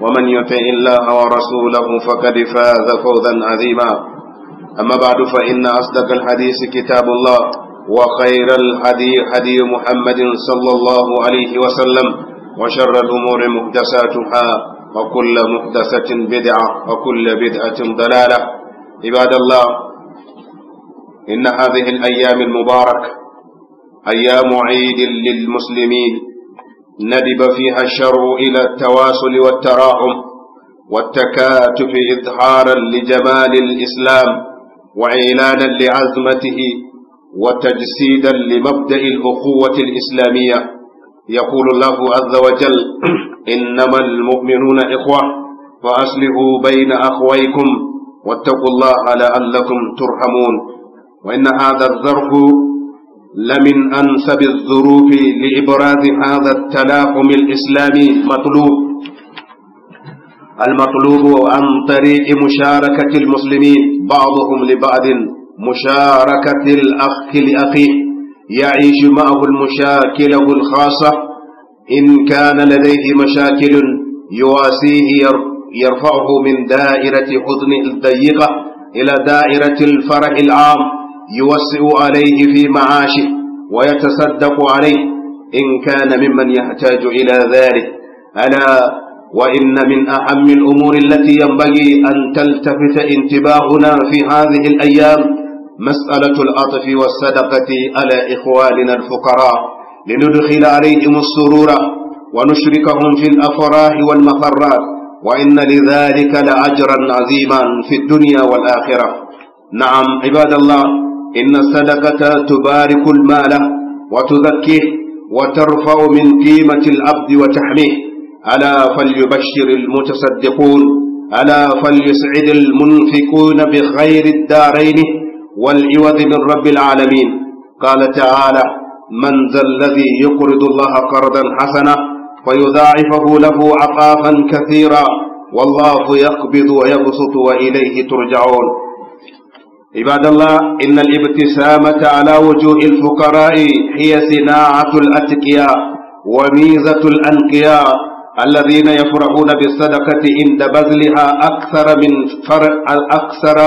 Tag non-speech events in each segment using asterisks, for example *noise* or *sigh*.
ومن يطع الله ورسوله فقد فاز فوزا عظيما أما بعد فإن أصدق الحديث كتاب الله وخير الهدي هدي محمد صلى الله عليه وسلم وشر الأمور محدثاتها وكل محدثة بدعة وكل بدعة ضلالة عباد الله إن هذه الأيام المباركة أيام عيد للمسلمين ندب فيها الشرع إلى التواصل والتراحم والتكاتف إظهارا لجمال الإسلام وإعلانا لعزمته وتجسيدا لمبدأ الأخوة الإسلامية يقول الله عز وجل *clears throat* إنما المؤمنون إخوة فأصلحوا بين أخويكم واتقوا الله لعلكم ترحمون وإن هذا الظرف لمن أنسب الظروف لإبراز هذا التلاحم الإسلامي مطلوب المطلوب عن طريق مشاركة المسلمين بعضهم لبعض مشاركة الأخ لأخيه يعيش معه المشاكله الخاصة إن كان لديه مشاكل يواسيه يرفعه من دائرة حزنه الضيقة إلى دائرة الفرح العام يوسع عليه في معاشه ويتصدق عليه إن كان ممن يحتاج إلى ذلك ألا وإن من أهم الأمور التي ينبغي أن تلتفت انتباهنا في هذه الأيام مسألة العطف والصدقة على إخواننا الفقراء لندخل عليهم السرور ونشركهم في الأفراح والمفرات وإن لذلك لأجرا عظيما في الدنيا والآخرة نعم عباد الله إن الصدقة تبارك المال وتذكيه وترفع من قيمة العبد وتحميه ألا فليبشر المتصدقون ألا فليسعد المنفقون بخير الدارين والعوض من رب العالمين قال تعالى من ذا الذي يقرض الله قرضا حسنا فيضاعفه له عقافا كثيرا والله يقبض ويبسط وإليه ترجعون عباد الله إن الابتسامة على وجوه الفقراء هي صناعة الأتقياء وميزة الأنقياء الذين يفرحون بالصدقة عند بذلها أكثر من أكثر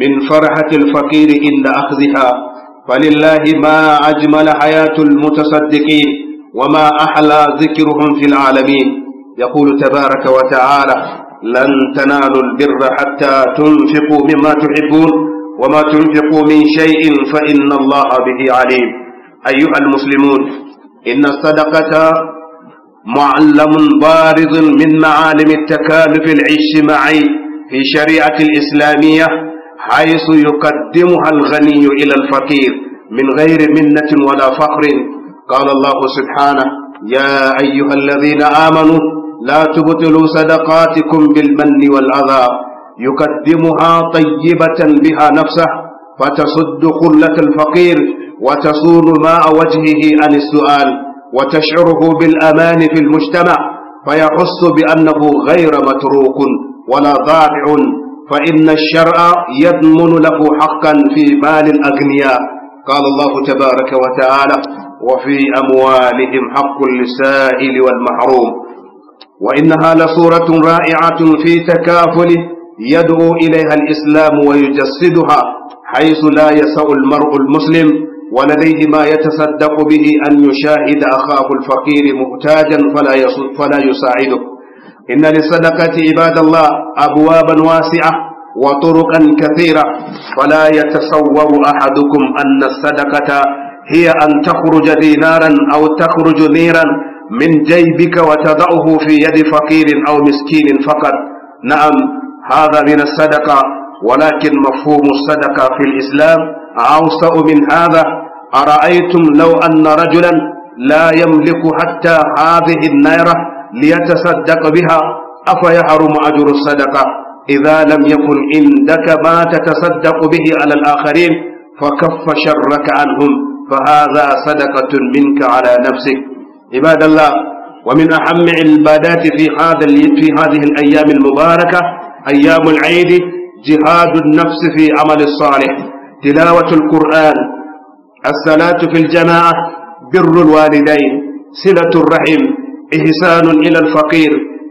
من فرحة الفقير عند أخذها فلله ما أجمل حياة المتصدقين وما أحلى ذكرهم في العالمين يقول تبارك وتعالى لن تنالوا البر حتى تنفقوا مما تحبون وما تنفقوا من شيء فإن الله به عليم أيها المسلمون إن الصدقة معلم بارز من معالم التكالف الاجتماعي في شريعة الإسلامية حيث يقدمها الغني إلى الفقير من غير منة ولا فقر قال الله سبحانه يا أيها الذين آمنوا لا تبطلوا صدقاتكم بالمن والأذى يقدمها طيبة بها نفسه فتصد خلة الفقير وتصون ماء وجهه عن السؤال وتشعره بالأمان في المجتمع فيحس بأنه غير متروك ولا ضائع فإن الشرع يضمن له حقا في مال الأغنياء قال الله تبارك وتعالى وفي أموالهم حق للسائل والمحروم وإنها لصورة رائعة في تكافل يدعو إليها الإسلام ويجسدها حيث لا يسع المرء المسلم ولديه ما يتصدق به أن يشاهد أخاه الفقير محتاجا فلا, فلا يساعده إن للصدقة عباد الله أبوابا واسعة وطرقا كثيرة فلا يتصور أحدكم أن الصدقة هي أن تخرج دينارا أو تخرج نيرا من جيبك وتضعه في يد فقير أو مسكين فقط نعم هذا من الصدقة ولكن مفهوم الصدقة في الإسلام أوسع من هذا أرأيتم لو أن رجلا لا يملك حتى هذه النيرة ليتصدق بها أفيحرم أجر الصدقة إذا لم يكن عندك ما تتصدق به على الآخرين فكف شرك عنهم فهذا صدقة منك على نفسك عباد الله ومن أهم العبادات في هذا في هذه الأيام المباركة أيام العيد جهاد النفس في عمل الصالح تلاوة القرآن الصلاة في الجماعة بر الوالدين صلة الرحم إحسان إلى الفقير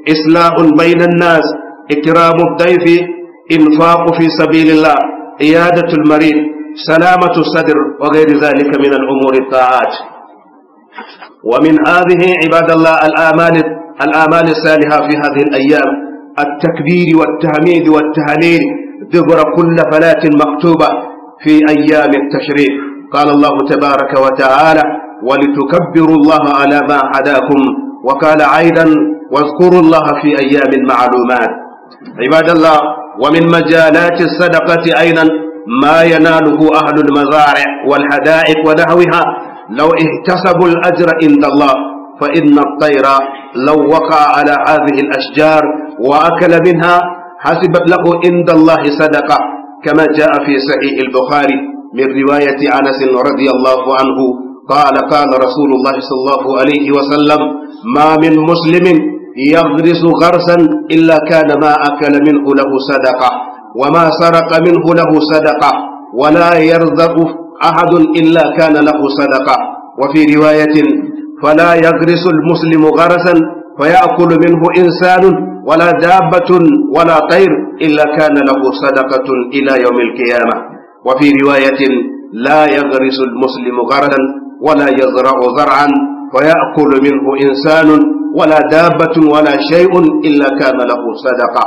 إصلاح بين الناس إكرام الضيف إنفاق في سبيل الله عيادة المريض سلامة الصدر وغير ذلك من الأمور الطاعات ومن هذه عباد الله الآمال الآمال الصالحة في هذه الأيام التكبير والتهميد والتهليل دبر كل فلاة مكتوبة في أيام التشريق قال الله تبارك وتعالى ولتكبروا الله على ما هداكم وقال أيضا واذكروا الله في أيام المعلومات عباد الله ومن مجالات الصدقة أيضا ما يناله أهل المزارع والحدائق ونحوها لو احتسبوا الأجر عند الله فإن الطير لو وقع على هذه الأشجار وأكل منها حسبت له عند الله صدقة كما جاء في صحيح البخاري من رواية أنس رضي الله عنه قال قال رسول الله صلى الله عليه وسلم ما من مسلم يغرس غرسا إلا كان ما أكل منه له صدقة وما سرق منه له صدقة ولا يرزق أحد إلا كان له صدقة وفي رواية فلا يغرس المسلم غرسا فيأكل منه إنسان ولا دابة ولا طير إلا كان له صدقة إلى يوم القيامة وفي رواية لا يغرس المسلم غرسا ولا يزرع زرعا فيأكل منه إنسان ولا دابة ولا شيء إلا كان له صدقة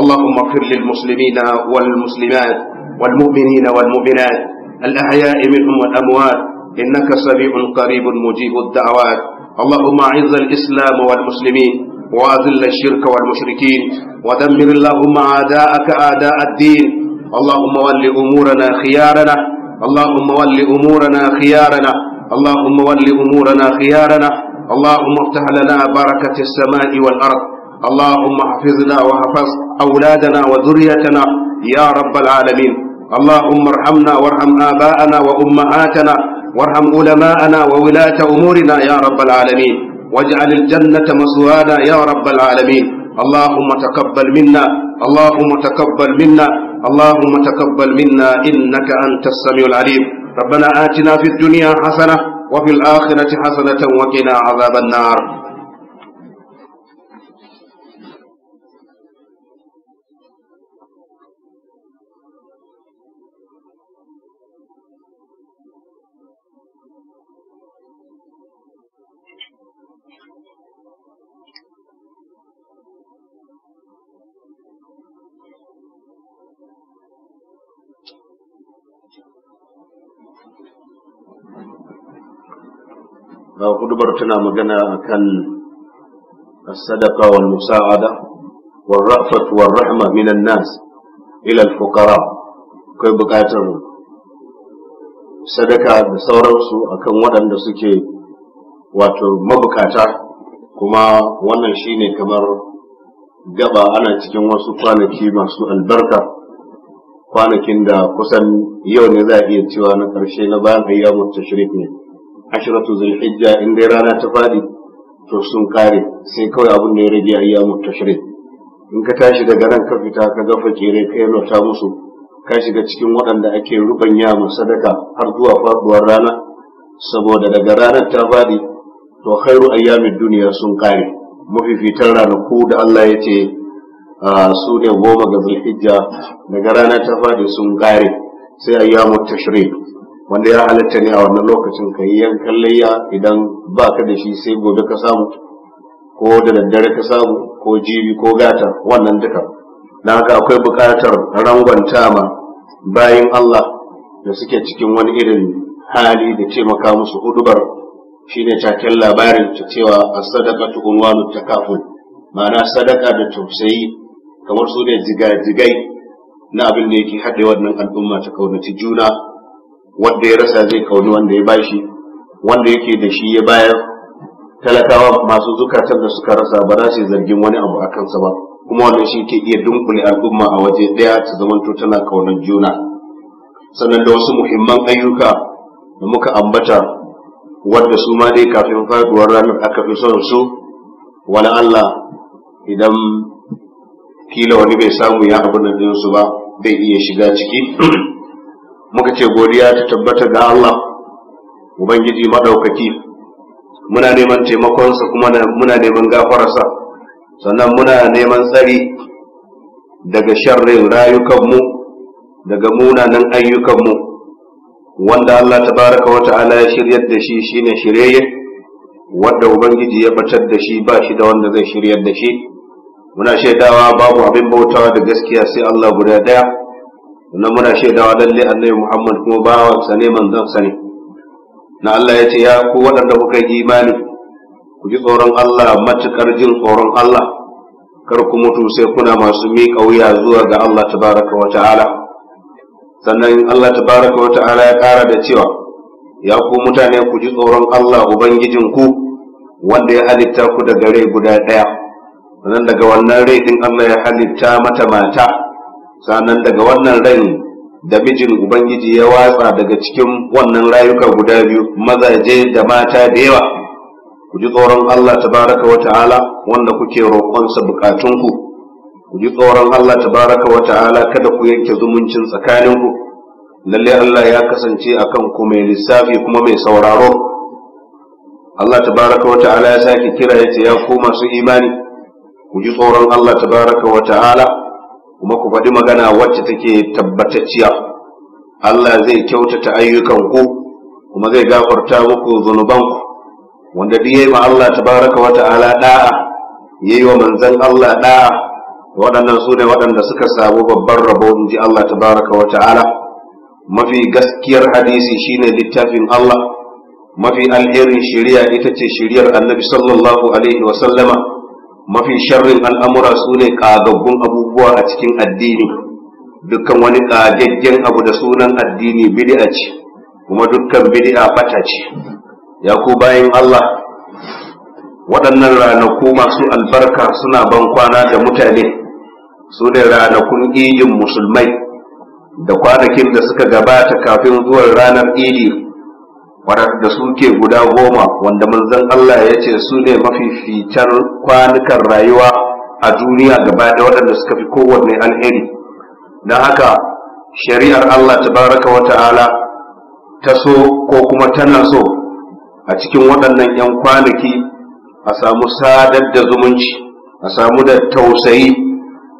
اللهم اغفر للمسلمين والمسلمات والمؤمنين والمؤمنات الأحياء منهم والأموات إنك سميع قريب مجيب الدعوات اللهم أعز الإسلام والمسلمين وأذل الشرك والمشركين ودمر اللهم أعداءك أعداء الدين اللهم ول أمورنا خيارنا اللهم ول أمورنا خيارنا اللهم ول أمورنا خيارنا اللهم افتح لنا بركة السماء والأرض اللهم احفظنا واحفظ أولادنا وذريتنا يا رب العالمين اللهم ارحمنا وارحم آباءنا وأمهاتنا وارحم علماءنا وولاة أمورنا يا رب العالمين واجعل الجنة مسوانا يا رب العالمين اللهم تقبل منا اللهم تقبل منا اللهم تقبل منا إنك أنت السميع العليم ربنا آتنا في الدنيا حسنة وفي الآخرة حسنة وقنا عذاب النار hudubar tana magana kan الصدقة والمساعدة والرأفة والرحمة من الناس إلى الفقراء كي بقاتر da sauransu akan ودن suke wato mabukata, kuma wannan shine kamar gaba ana cikin wasu kwanaki masu albarka kwanakin da kusan yau ne za a iya cewa na ƙarshe na bayan ayyamu tashrik ne ashiratu hijja, in dai rana ta fadi to sun kare sai kawai abin da ya rage ayyamu tashrik in ka tashi daga nan ka fita ka ga fakire ka lota musu ka shiga cikin waɗanda ake rubanya mu sadaka har zuwa faduwar rana saboda daga ranar ta fadi to khairu ayyamin duniya sun kare mafifitan ranaku da Allah ya ce ah, su ne goma ga zulhijja daga rana ta fadi sun kare sai ayyamu tashrik wanda ya halatta ne a wannan lokacin ka yi yankan layya idan ba ka da shi sai gobe ka samu ko da daddare ka samu ko jibi ko gata wannan duka na haka akwai buƙatar rangwanta ma bayin Allah da suke cikin wani irin hali da taimaka musu hudubar shine caken labarin ta cewa a sadaka sadaqatu ta kafin, ma'ana sadaka da tausayi kamar su ne jigajigai na abin da yake haɗe wannan al'umma ta kaunaci juna wanda ya rasa zai kauni wanda ya bashi wanda yake da shi ya bayar talakawa masu zukatar da suka rasa ba za su zargin wani abu a kansa ba kuma wannan shi ke iya dunkule al'umma a waje daya ta zamanto tana kaunar juna sannan da wasu muhimman ayyuka da muka ambata wadda su ma dai kafin faduwar ranar aka fi son su wani Allah idan kila wani bai samu ya abin su ba bai iya shiga ciki *clears throat* muka ce godiya ta tabbata ga Allah ubangiji madaukaki muna neman taimakonsa kuma muna neman gafararsa sannan muna neman tsari daga sharrin rayukanmu daga munanan ayyukanmu wanda Allah ta baraka wata ta'ala ya shiryar da shi shine shirye wanda ubangiji ya batar da shi ba shi da wanda zai shiryar da shi muna shaidawa babu abin bautawa da gaskiya sai Allah guda daya sannan muna shaidawa lalle annabi Muhammad kuma ba ne manzon sa ne na Allah ya ce ya ku waɗanda kuka yi imani ku ji tsoron Allah matukar jin tsoron Allah kar ku mutu sai kuna masu miƙa wuya zuwa ga Allah tabaraka wa ta'ala sannan Allah tabaraka wa ta'ala ya ƙara da cewa ya ku mutane ku ji tsoron Allah Ubangijin ku? wanda ya halitta ku daga rai guda ɗaya sannan daga wannan rai din Allah ya halitta mata mata sannan daga wannan rai da mijin ubangiji ya watsa daga cikin wannan rayuka guda biyu mazaje da mata da yawa ku ji tsoron Allah tabaraka wa ta'ala wanda kuke roƙonsa bukatunku ku ji tsoron Allah tabaraka wa ta'ala kada ku yanke zumuncin tsakaninku lalle Allah ya kasance akan ku mai lissafi kuma mai sauraro Allah tabaraka wa ta'ala ya sake kira ce ya ku masu imani ku ji tsoron Allah tabaraka wa ta'ala kuma ku faɗi magana wacce take tabbatacciya Allah zai kyautata ayyukanku kuma zai gafarta muku zunubanku wanda duk yayi ma Allah tabaraka wa ta'ala da'a yayi wa manzon Allah da'a waɗannan su ne waɗanda suka samu babban rabo in ji Allah tabaraka wa ta'ala mafi gaskiyar hadisi shine littafin Allah mafi alherin shari'a ita ce shari'ar annabi sallallahu alaihi wa sallama mafi sharrin al'amura su ne ƙagaggun abubuwa a cikin addini dukkan wani ƙagaggen abu da sunan addini bid'a ce kuma dukkan bid'a fata ce ya ku bayan Allah waɗannan ranaku masu albarka suna ban kwana da mutane su ne ranakun idin musulmai da kwanakin da suka gabata kafin zuwan ranar idi da suke guda goma wanda manzon Allah ya ce su ne mafi fitar kwanukan rayuwa a duniya gaba da waɗanda suka fi kowanne alheri don haka shari'ar Allah ta baraka wa ta'ala ta so ko kuma tana so a cikin waɗannan 'yan kwanaki a samu sadar da zumunci a samu da tausayi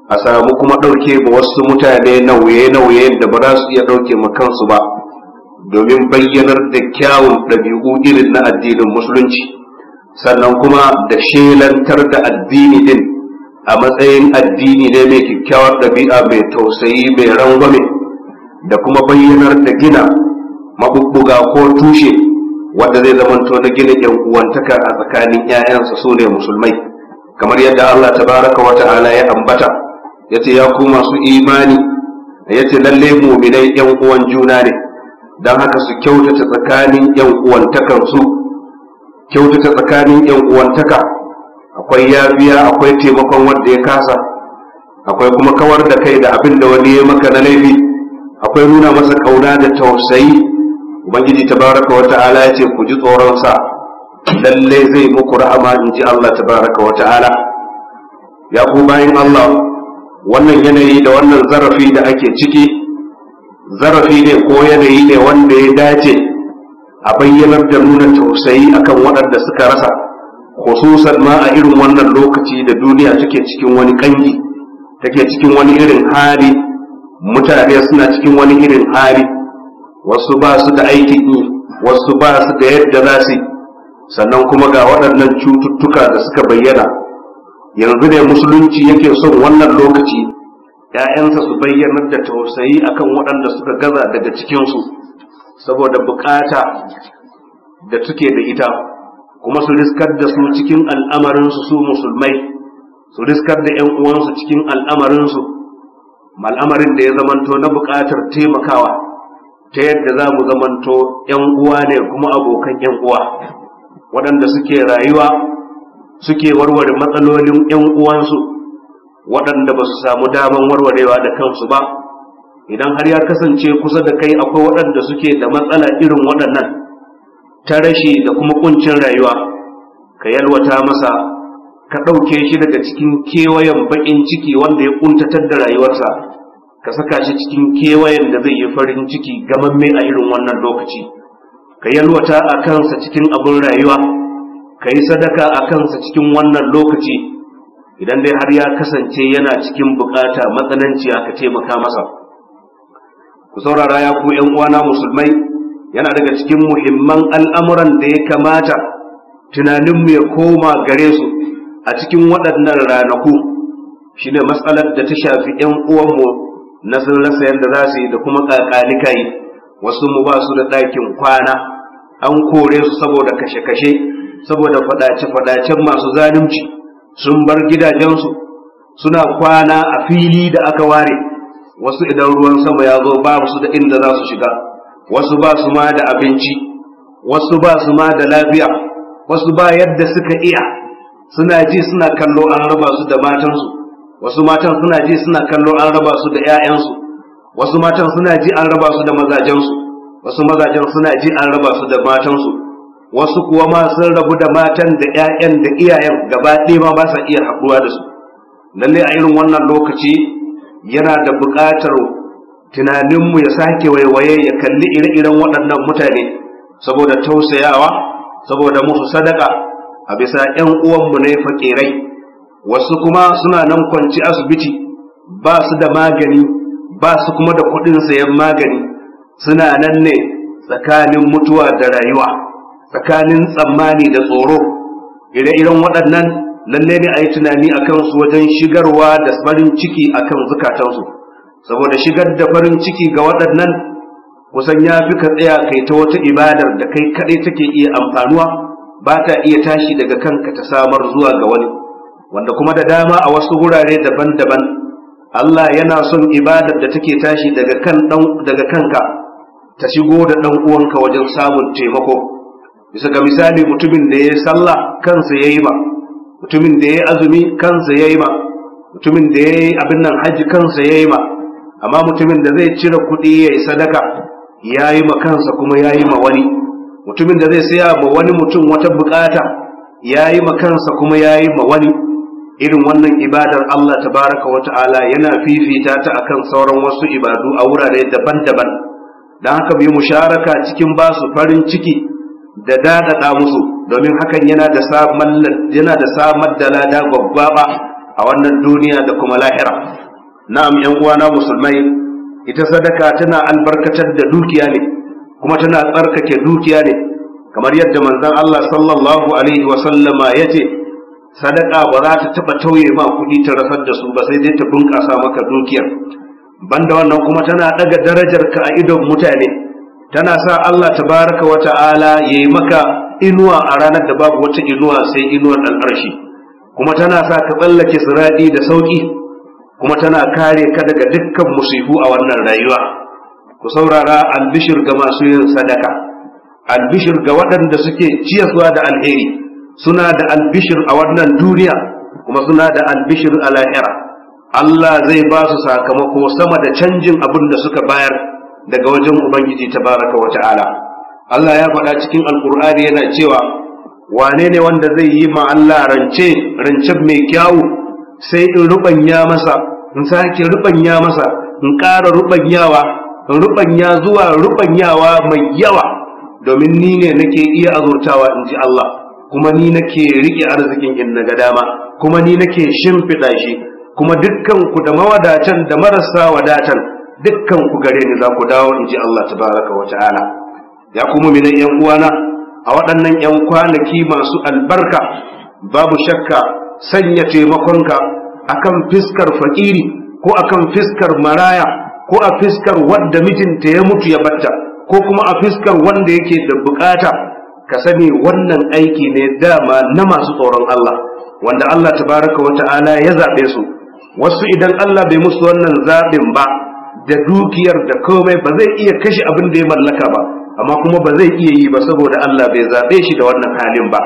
a samu kuma ɗauke ma wasu mutane nauye-nauye da ba za su iya ɗauke ma kansu ba domin bayyanar da kyawun ɗabi'u irin na addinin musulunci sannan kuma da shelantar da addini din a matsayin addini ne mai kyakkyawar ɗabi'a mai tausayi mai rangwame da kuma bayyanar da gina mabubbuga ko tushe wanda zai zamanto na gina yan uwantaka a tsakanin 'ya'yansa su ne musulmai kamar yadda Allah ta baraka wata ta'ala ya ambata yace ya ku masu imani yace lalle mu'minai yan uwan juna ne don haka su kyautata tsakanin yan su kyautata tsakanin yan uwantaka akwai yafiya akwai taimakon wanda ya kasa akwai kuma kawar da kai da abin da wani ya maka na laifi akwai nuna masa kauna da tausayi ubangiji tabaraka wa ta'ala ya ce ku ji tsoron sa lalle zai muku rahama in ji Allah tabaraka wa ta'ala ya ku bayin Allah wannan yanayi da wannan zarafi da ake ciki zarafi ne ko yanayi ne wanda ya dace a bayyanar da nuna tausayi akan waɗanda suka rasa khususan ma a irin wannan lokaci da duniya take cikin wani kangi take cikin wani irin hali mutane suna cikin wani irin hali wasu ba su da aikin yi wasu ba su da yadda za su sannan kuma ga waɗannan cututtuka da suka bayyana yanzu ne musulunci yake son wannan lokaci ‘ya'yansa su bayyanar da tausayi akan waɗanda suka gaza daga cikinsu saboda bukata da suke da ita kuma su riskar da su cikin al'amarinsu su musulmai su riskar da ‘yan uwansu cikin al'amarinsu al'amarin da ya zamanto na bukatar taimakawa ta yadda za mu zamanto ‘yan uwa ne kuma abokan ‘yan uwa waɗanda suke rayuwa suke warware matsalolin ‘yan uwansu waɗanda ba su samu daman warwarewa da kansu ba idan har ya kasance kusa da kai akwai waɗanda suke da matsala irin waɗannan ta rashi da kuma ƙuncin rayuwa ka yalwata masa ka ɗauke shi daga cikin kewayen baƙin ciki wanda ya ƙuntatar da rayuwarsa ka saka shi cikin kewayen da zai yi farin ciki gamamme a irin wannan lokaci ka yalwata a kansa cikin abin rayuwa ka yi sadaka a kansa cikin wannan lokaci idan dai har ya kasance yana cikin bukata matsananci aka taimaka masa ku saurara ya ku 'yan uwana musulmai yana daga cikin muhimman al'amuran da ya kamata tunaninmu ya koma gare su a cikin waɗannan ranaku shi ne matsalar da ta shafi ‘yan uwanmu na sun rasa yadda za su yi da kuma kakalika yi wasu mu ba su da ɗakin kwana an kore su saboda kashe-kashe saboda faɗace-faɗacen masu zalunci sun bar gidajensu suna kwana a fili da aka ware wasu idan ruwan sama ya zo babu su da inda za su shiga wasu ba su ma da abinci wasu ba su ma da lafiya wasu ba yadda suka iya suna ji suna kallo an raba su da matansu wasu matan suna ji suna kallo an raba su da 'ya'yansu wasu matan suna ji an raba su da mazajensu wasu mazajen suna ji an raba su da matansu wasu kuwa ma sun rabu da matan da 'ya'yan da iyayen gaba ɗaya ma ba sa iya haɗuwa da su lalle a irin wannan lokaci yana da buƙatar tunaninmu ya sake waiwaye ya kalli ire-iren waɗannan mutane saboda tausayawa saboda musu sadaka a bisa 'yan na ne faƙerai, wasu kuma suna nan kwanci asibiti ba su da magani ba su kuma da kuɗin sayan magani suna nan ne tsakanin mutuwa da rayuwa tsakanin tsammani da tsoro ire-iren waɗannan lalle ne a yi tunani a kansu wajen shigarwa da farin ciki a kan zukatansu saboda shigar da farin ciki ga waɗannan kusan ya fi ka tsaya kai ta wata ibadar da kai kaɗai take iya amfanuwa ba ta iya tashi daga kanka ta samar zuwa ga wani wanda kuma da dama a wasu wurare daban-daban Allah yana son ibadar da take tashi daga daga kanka ta shigo da ɗan uwanka wajen samun taimako bisa ga misali mutumin da ya sallah kansa ya yi ba mutumin da ya azumi kansa ya yi ba mutumin da ya yi abin nan haji kansa ya yi ba amma mutumin da zai cire kuɗi ya yi sadaka ya yi ma kansa kuma ya yi ma wani mutumin da zai saya ma wani mutum wata bukata ya yi ma kansa kuma ya yi ma wani irin wannan ibadar Allah tabaraka wa ta'ala yana fifita ta akan sauran wasu ibadu a wurare daban-daban don haka mu sharaka musharaka cikin basu farin ciki da dadada musu domin hakan yana da samar da da lada a wannan duniya da kuma lahira na'am yan uwana musulmai ita sadaka tana albarkatar da dukiya ne kuma tana tsarkake dukiya ne kamar yadda manzon Allah sallallahu alaihi wa sallama yace sadaka ba za ta taba tauye ma kuɗi ta rasar da su ba sai dai ta bunƙasa maka dukiyar banda wannan kuma tana daga darajar ka a idon mutane tana sa Allah tabaraka wa ta'ala yi maka inuwa a ranar da babu wata inuwa sai inuwar al'arshi kuma tana sa ka tsallake siradi da sauƙi, kuma tana kare ka daga dukkan musibu a wannan rayuwa ku saurara albishir ga masu yin sadaka albishir ga waɗanda suke ciyaswa da alheri suna da albishir a wannan duniya kuma suna da albishir a lahira Allah zai ba su sakamako sama da canjin abin da suka bayar daga wajen ubangiji ta baraka wa ta'ala Allah ya faɗa cikin alkur'ani yana cewa wane ne wanda zai yi ma Allah rance rance mai kyawu sai in rubanya masa in sake rubanya masa in ƙara rubanyawa in rubanya zuwa rubanyawa mai yawa domin ni ne nake iya azurtawa in ji Allah kuma ni nake riƙe arzikin in na ga dama kuma ni nake shimfiɗa shi kuma dukkan ku da mawadatan da marasa wadatan dukkan ku gare ni za ku dawo in ji Allah tabaraka wa ta'ala ya kuma minan yan uwana a waɗannan yan kwanaki masu albarka babu shakka sanya taimakonka akan fiskar fakiri ko akan fiskar maraya ko a fiskar wanda mijinta ya mutu ya batta ko kuma a fiskar wanda yake da bukata ka sani wannan aiki ne dama na masu tsoron Allah wanda Allah tabaraka wa ta'ala ya zaɓe su wasu idan Allah bai musu wannan zaɓin ba da dukiyar da komai ba zai iya kashe abin da ya mallaka ba amma kuma ba zai iya yi ba saboda Allah bai zaɓe shi da wannan halin ba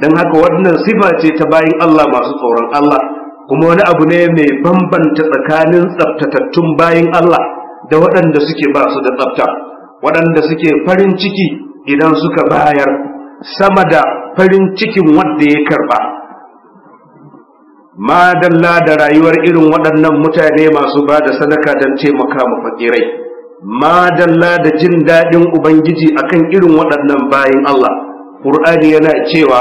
don haka wannan sifa ce ta bayin Allah masu tsoron Allah kuma wani abu ne mai bambanta tsakanin tsaftatattun bayin Allah da waɗanda suke ba su da tsafta waɗanda suke farin ciki idan suka bayar sama da farin cikin wanda ya karɓa ma dalla da rayuwar irin waɗannan mutane masu ba da sadaka don taimaka mu fakirai ma dalla da jin daɗin ubangiji akan irin waɗannan bayan Allah Qur'ani yana cewa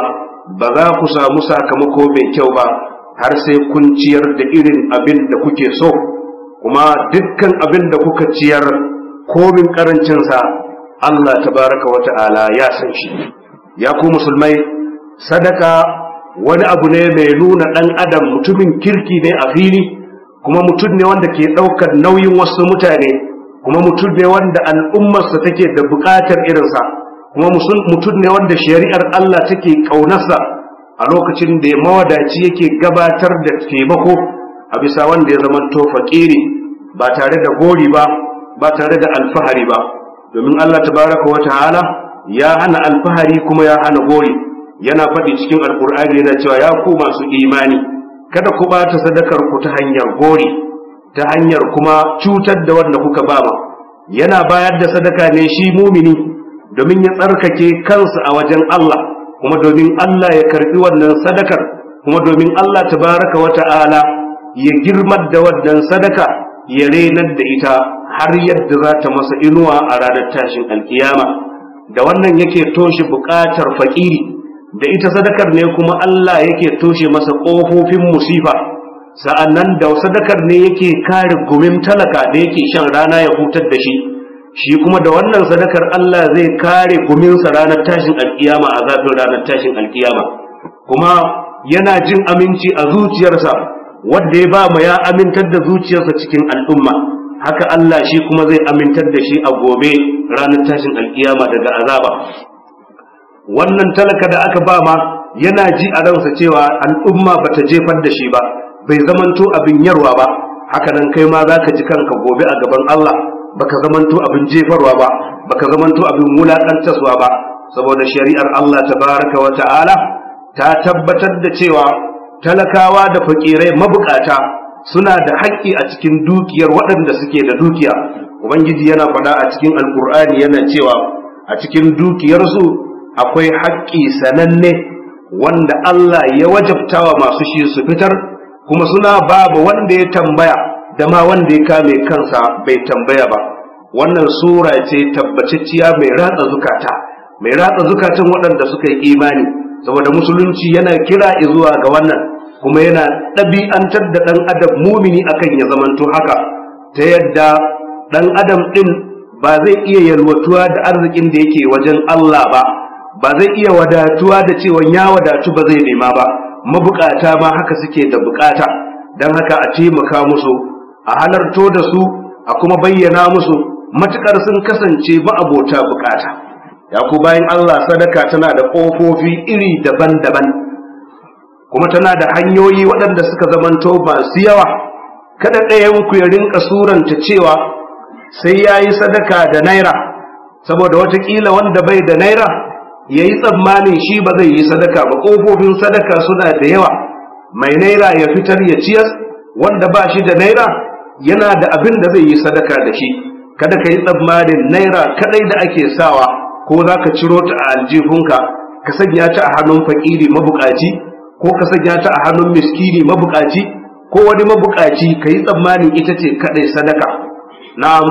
ba za ku samu sakamako mai kyau ba har sai kun ciyar da irin abin da kuke so kuma dukkan abin da kuka ciyar komin karancinsa Allah tabaraka wa ta'ala ya san shi ya ku musulmai sadaka wani abu ne mai nuna ɗan adam mutumin kirki ne a fili kuma mutum ne wanda ke ɗaukar nauyin wasu mutane kuma mutum ne wanda al'ummarsa take da buƙatar irinsa kuma mutum ne wanda shari'ar Allah take ƙaunarsa a lokacin da ya mawadaci yake gabatar da taimako a bisa wanda ya zama to faƙiri ba tare da gori ba ba tare da alfahari ba domin Allah ta baraka wata ta'ala ya hana alfahari kuma ya hana gori yana faɗi cikin alkur'ani yana cewa ya ku masu imani kada ku ɓata sadakar ku ta hanyar gori ta hanyar kuma cutar da wanda kuka ba ma yana bayar da sadaka ne shi mumini domin ya tsarkake kansa a wajen Allah kuma domin Allah ya karɓi wannan sadakar kuma domin Allah tabaraka wa ta'ala ya girmar da wannan sadaka ya renar da ita har yadda za ta masa inuwa a ranar tashin alkiyama da wannan yake toshe buƙatar faƙiri da ita sadakar ne kuma Allah yake toshe masa ƙofofin musifa sa'annan da sadakar ne yake kare gumin talaka da yake shan rana ya hutar da shi shi kuma da wannan sadakar Allah zai kare guminsa ranar tashin alkiyama a zafin ranar tashin alkiyama kuma yana jin aminci a zuciyarsa wanda ya ba mu ya amintar da zuciyarsa cikin al'umma haka Allah shi kuma zai amintar da shi a gobe ranar tashin alkiyama daga azaba wannan talaka da aka ba ma yana ji a ransa cewa al'umma ba ta jefar da shi ba bai zamanto abin yarwa ba haka nan kai ma za ka ji kanka gobe a gaban Allah baka zamanto abin jefarwa ba baka zamanto abin wulaƙantaswa ba saboda shari'ar Allah tabaraka wa ta'ala ta tabbatar da cewa talakawa da fakirai mabukata suna da haƙƙi a cikin dukiyar waɗanda suke da dukiya ubangiji yana faɗa a cikin alkur'ani yana cewa a cikin dukiyarsu akwai haƙƙi sananne wanda Allah ya wajabta wa masu shi su fitar kuma suna babu wanda ya tambaya da ma wanda ya kame kansa bai tambaya ba wannan sura ce tabbatacciya mai ratsa zukata mai ratsa zukatan waɗanda suka yi imani saboda musulunci yana kira zuwa ga wannan kuma yana ɗabi'antar da ɗan adam mumini akan ya zamanto haka ta yadda ɗan adam ɗin ba zai iya yalwatuwa da arzikin da yake wajen Allah ba ba zai iya wadatuwa da cewa ya wadatu ba zai nema ba mabukata ma haka suke da bukata don haka a taimaka musu a halarto da su a kuma bayyana musu matukar sun kasance ba ma'abota bukata ya ku bayan Allah sadaka tana da ƙofofi iri daban-daban kuma tana da hanyoyi waɗanda suka zamanto masu yawa kada ɗayan ku ya rinka suranta cewa sai ya yi sadaka da naira saboda watakila wanda bai da naira ya yi tsammanin shi ba zai yi sadaka ba ƙofofin sadaka suna da yawa mai naira ya fitar ya ciyas wanda ba shi da naira yana da abin da zai yi sadaka da shi kada ka yi tsammanin naira kaɗai da ake sawa ko za ka ciro ta a aljihunka ka sanya ta a hannun fakiri mabukaci ko ka sanya ta a hannun miskini mabukaci ko wani mabukaci ka yi tsammanin ita ce kaɗai sadaka na'am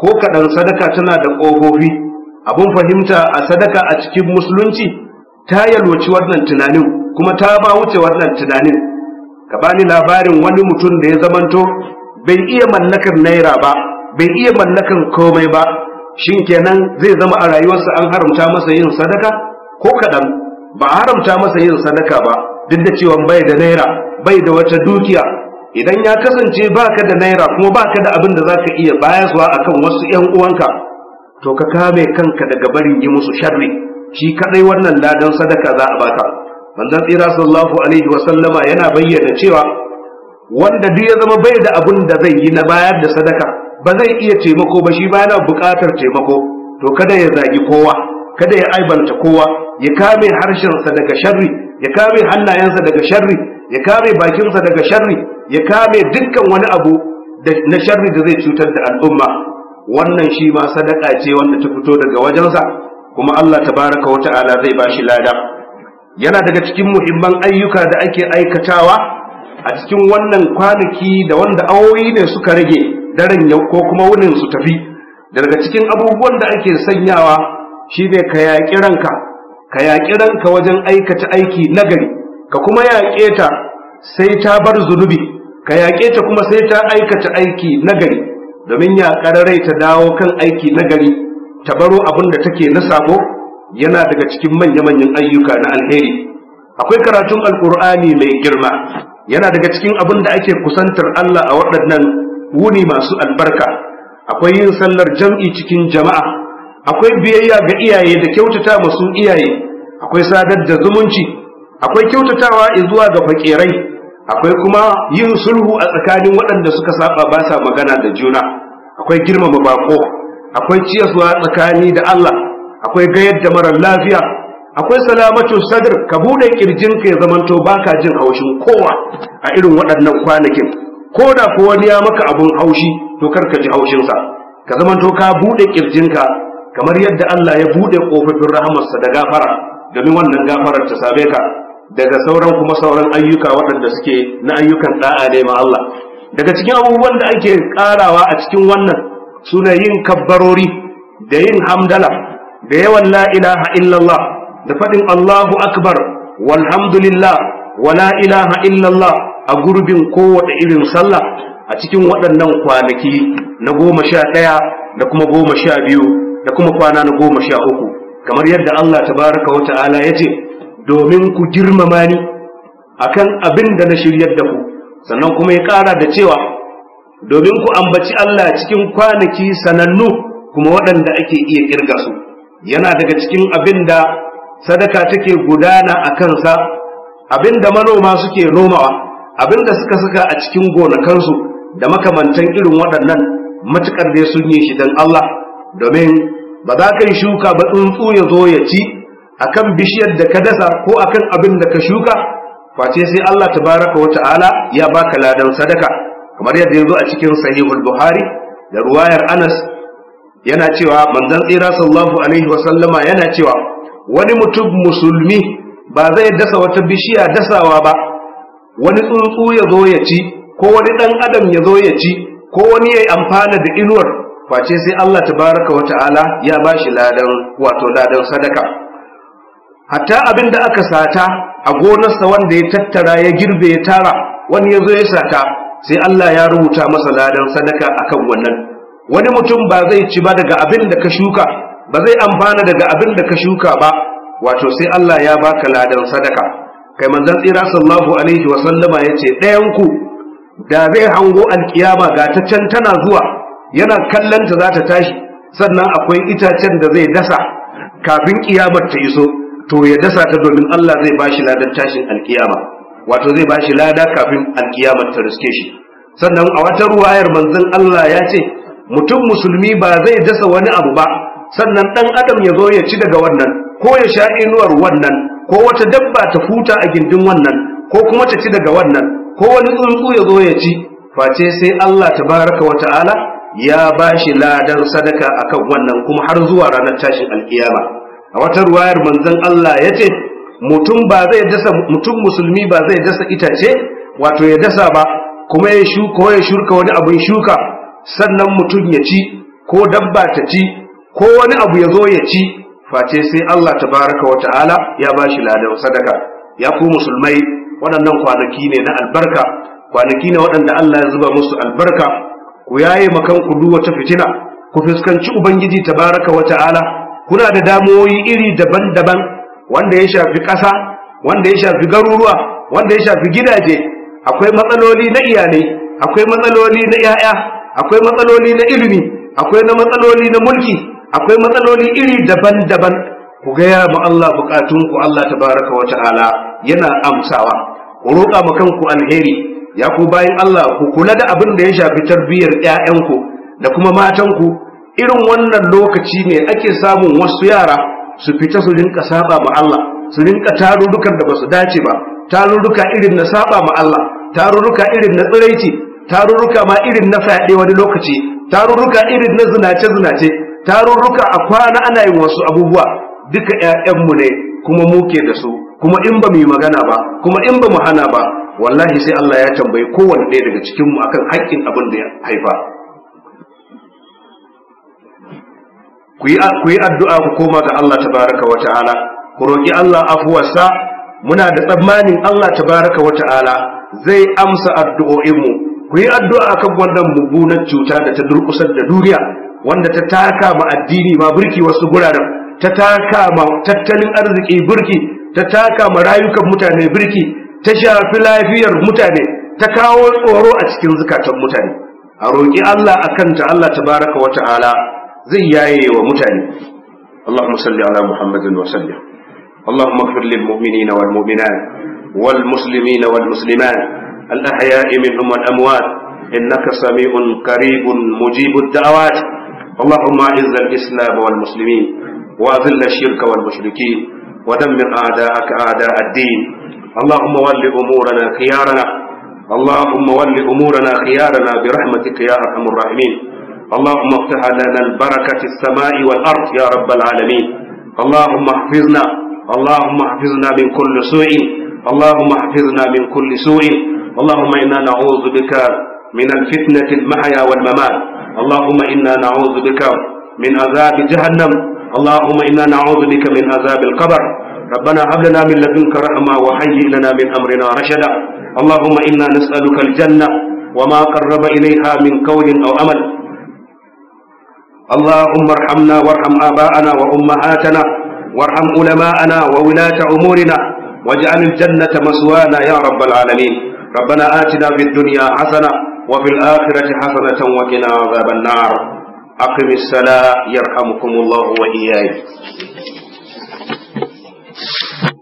ko kaɗan sadaka tana da ƙofofi abun fahimta a sadaka a cikin musulunci ta yalwaci wannan tunanin kuma ta ba wuce wannan tunanin ka bani labarin wani mutum da ya zamanto bai iya mallakar naira ba bai iya mallakar komai ba shin kenan zai zama a rayuwarsa an haramta masa yin sadaka ko kaɗan ba a haramta masa yin sadaka ba duk da cewa bai da naira bai da wata dukiya idan ya kasance baka da naira kuma baka da abin da zaka iya bayaswa akan wasu 'yan uwanka to ka kame kanka daga barin yi musu sharri shi kadai wannan ladan sadaka za a baka manzon tsira sallallahu alaihi wa sallama yana bayyana cewa wanda duk ya zama bai da abun da zai yi na bayar da sadaka ba zai iya taimako ba shi ba yana buƙatar taimako to kada ya zagi kowa kada ya aibanta kowa ya kame harshensa daga sharri ya kame hannayensa daga sharri ya kame bakinsa daga sharri ya kame dukkan wani abu na sharri da zai cutar da al'umma wannan shi ma sadaka ce wanda ta fito daga wajensa kuma Allah tabaraka wa ta'ala zai ba shi lada yana daga cikin muhimman ayyuka da ake aikatawa a cikin wannan kwanaki da wanda awoyi ne suka rage daren yau ko kuma wunin su tafi daga cikin abubuwan da ake sanyawa shine ka yaƙi ranka ka yaƙi ranka wajen aikata aiki nagari ka kuma yaƙe ta sai ta bar zunubi ka yaƙe ta kuma sai ta aikata aiki nagari domin ya rai ta dawo kan aiki na gari ta baro abin da take na sabo yana daga cikin manya-manyan ayyuka na alheri akwai karatun alkur'ani mai girma yana daga cikin abin da ake kusantar Allah a waɗannan wuni masu albarka akwai yin sallar jam'i cikin jama'a akwai biyayya ga iyaye da kyautata masu iyaye akwai sadar da zumunci akwai kyautatawa zuwa ga fakirai akwai kuma yin sulhu a tsakanin waɗanda suka saba ba sa magana da juna akwai girmama bako akwai ciyaswa tsakani da Allah akwai gayar da marar lafiya akwai salamatu sadr ka bude kirjinka ya zamanto baka jin haushin kowa a irin waɗannan kwanakin ko da ko wani ya maka abun haushi to kar ka ji haushinsa ka zamanto ka bude ƙirjinka kamar yadda Allah ya bude kofofin rahamarsa da gafara domin wannan gafarar ta same ka daga sauran kuma sauran ayyuka waɗanda suke na ayyukan da'a ne ma Allah daga cikin abubuwan da ake ƙarawa a cikin wannan suna yin kabbarori da yin hamdala da yawan la ilaha illallah da faɗin Allahu akbar walhamdulillah la ilaha illallah a gurbin kowace irin sallah a cikin waɗannan kwanaki na goma sha ɗaya da kuma goma sha biyu da kuma kwana na goma sha uku kamar yadda Allah tabaraka wa ta'ala ya ce domin ku girmama ni akan abin da na shiryar da ku sannan kuma ya ƙara da cewa domin ku ambaci Allah cikin kwanaki sanannu kuma waɗanda ake iya ƙirga su yana daga cikin abin da sadaka take gudana a kansa abin da manoma suke nomawa abin da suka saka a cikin gonakansu da makamantan irin waɗannan matuƙar dai sun yi shi don Allah domin ba za ka yi shuka ba tsuntsu ya zo ya ci akan bishiyar da ka dasa ko akan abin da ka shuka face sai Allah tabaraka wa ta'ala ya baka ladan sadaka kamar yadda ya zo a cikin sahihul buhari da ruwayar anas yana cewa manzon tsira sallallahu alaihi wa sallama yana cewa wani mutum musulmi ba zai dasa wata bishiya dasawa ba wani tsuntsu ya zo ya ci ko wani dan adam ya zo ya ci ko wani yayi amfana da inuwar face sai Allah tabaraka wa ta'ala ya bashi ladan wato ladan sadaka hatta abin da aka sata a gonarsa wanda ya tattara ya girbe ya tara wani ya zo ya sata sai Allah ya rubuta masa ladan sadaka akan wannan wani mutum ba zai ci ba daga abin da ka shuka ba zai amfana daga abin da ka shuka ba wato sai Allah ya baka ladan sadaka kai manzon tsira sallallahu alaihi wa sallama yace ɗayan ku da zai hango alkiyama ga ta can tana zuwa yana kallon ta za ta tashi sannan akwai itacen da zai dasa kafin kiyamar ta iso to ya dasa ta domin Allah zai ba shi ladan tashin alkiyama wato zai ba shi lada kafin alkiyama ta riske shi sannan a wata ruwayar manzon Allah ya ce mutum musulmi ba zai dasa wani abu ba sannan dan adam ya zo ya ci daga wannan ko ya sha inuwar wannan ko wata dabba ta huta a gindin wannan ko kuma ta ci daga wannan ko wani tsuntsu ya zo ya ci face sai Allah tabaraka wa ta'ala ya ba shi ladan sadaka akan wannan kuma har zuwa ranar tashin alkiyama a wata ruwayar manzon Allah ya ce mutum ba zai dasa mutum musulmi ba zai dasa itace wato ya dasa ba kuma ya shuka ya shuka wani abin shuka sannan mutum ya ci ko dabba ta ci ko wani abu ya zo ya ci face sai Allah tabaraka wa ta'ala ya ba shi ladan sadaka ya ku musulmai waɗannan kwanaki ne na albarka kwanaki ne waɗanda Allah ya zuba musu albarka ku yaye makan ku duwa ta fitina ku fuskanci ubangiji tabaraka wa ta'ala kuna da damuwoyi iri daban-daban wanda ya shafi ƙasa wanda ya shafi garuruwa wanda ya shafi gidaje akwai matsaloli na iyalai akwai matsaloli na 'ya'ya akwai matsaloli na ilimi akwai na matsaloli na mulki akwai matsaloli iri daban-daban ku gaya ma Allah bukatunku Allah tabaraka wa ta'ala yana amsawa ku roƙa ma kanku alheri ya ku bayan Allah ku kula da abin da ya shafi tarbiyyar 'ya'yanku da kuma matanku irin wannan lokaci ne ake samun wasu yara su fita su rinka saba ma Allah su rinka tarurrukan da basu dace ba tarurruka irin na saba ma Allah tarurruka irin na tsiraici tarurruka ma irin na fyaɗe wani lokaci tarurruka irin na zinace zinace tarurruka a kwana ana yin wasu abubuwa duka ƴaƴanmu ne kuma muke da su kuma in ba mu yi magana ba kuma in ba mu hana ba wallahi sai Allah ya tambayi kowanne daga daga mu akan haƙƙin abin da ya haifa ku yi addu'a ku koma ga Allah Baraka wa ta'ala ku roƙi Allah afuwarsa muna da tsammanin Allah Baraka wa ta'ala zai amsa addu'o'inmu ku yi addu'a a akan wannan mummunar cuta da ta durƙusar da duniya wanda ta taka ma addini ma burki wasu guraren ta taka ma tattalin arziki burki ta taka ma rayukan mutane burki ta shafi lafiyar mutane ta kawo tsoro a cikin zukatan mutane a roƙi Allah akan ta Allah tabaraka wa ta'ala زي yaye wa اللهم صل على محمد وسلم اللهم اغفر للمؤمنين والمؤمنات والمسلمين والمسلمات الأحياء منهم والأموات إنك سميع قريب مجيب الدعوات اللهم أعز الإسلام والمسلمين وأذل الشرك والمشركين ودمر أعداءك أعداء الدين اللهم ول أمورنا خيارنا اللهم ول أمورنا خيارنا برحمتك يا أرحم الراحمين اللهم افتح لنا البركة في السماء والأرض يا رب العالمين اللهم احفظنا اللهم احفظنا من كل سوء اللهم احفظنا من كل سوء اللهم إنا نعوذ بك من الفتنة المحيا والممات اللهم إنا نعوذ بك من عذاب جهنم اللهم إنا نعوذ بك من عذاب القبر ربنا هب لنا من لدنك رحمة وهيئ لنا من أمرنا رشدا اللهم إنا نسألك الجنة وما قرب إليها من قول أو أمل اللهم ارحمنا وارحم آباءنا وأمهاتنا وارحم علماءنا وولاة أمورنا واجعل الجنة مسوانا يا رب العالمين ربنا آتنا في الدنيا حسنة وفي الآخرة حسنة وقنا عذاب النار أقم الصلاة يرحمكم الله وإياي